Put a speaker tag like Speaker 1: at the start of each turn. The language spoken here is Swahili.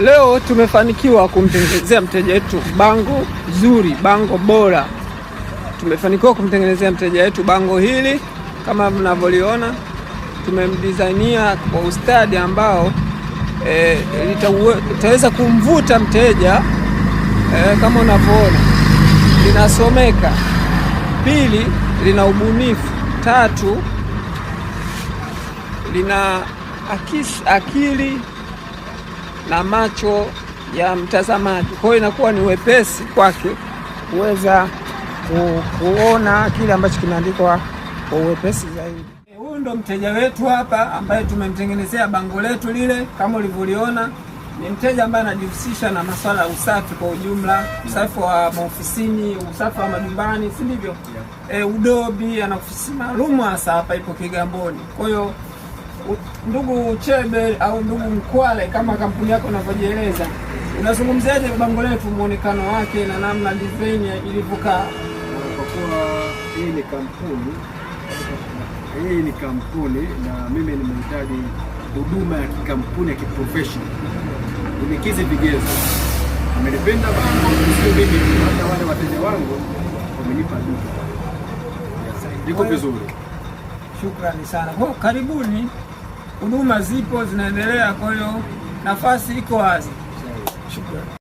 Speaker 1: Leo tumefanikiwa kumtengenezea mteja wetu bango zuri, bango bora. Tumefanikiwa kumtengenezea mteja wetu bango hili kama mnavyoliona, tumemdesignia kwa ustadi ambao e, litaweza kumvuta mteja e, kama unavyoona linasomeka, pili lina ubunifu, tatu lina akisi akili na macho ya mtazamaji. Kwa hiyo inakuwa ni wepesi kwake kuweza ku, kuona kile ambacho kimeandikwa kwa uwepesi zaidi. Eh, huyu ndo mteja wetu hapa ambaye tumemtengenezea bango letu lile, kama ulivyoliona ni mteja ambaye anajihusisha na masuala ya usafi kwa ujumla, usafi wa maofisini, usafi wa majumbani, si ndivyo? Yeah. E, udobi anaofisi maalumu maalum hasa hapa ipo Kigamboni, kwa hiyo ndugu Chebe au ndugu Mkwale, kama kampuni yako unavyojieleza, unazungumziaje bango letu, muonekano wake na namna design ilivyokaa?
Speaker 2: Kwa kuwa hii ni kampuni hii ni kampuni na mimi nimehitaji huduma ya kampuni ya kiprofessional, nimekizi vigezo. Amelipenda bango, sio mimi, hata wale wateja wangu wamenipa duka, liko vizuri.
Speaker 1: Shukrani sana, karibuni huduma zipo zinaendelea, kwa hiyo nafasi iko wazi. Shukrani.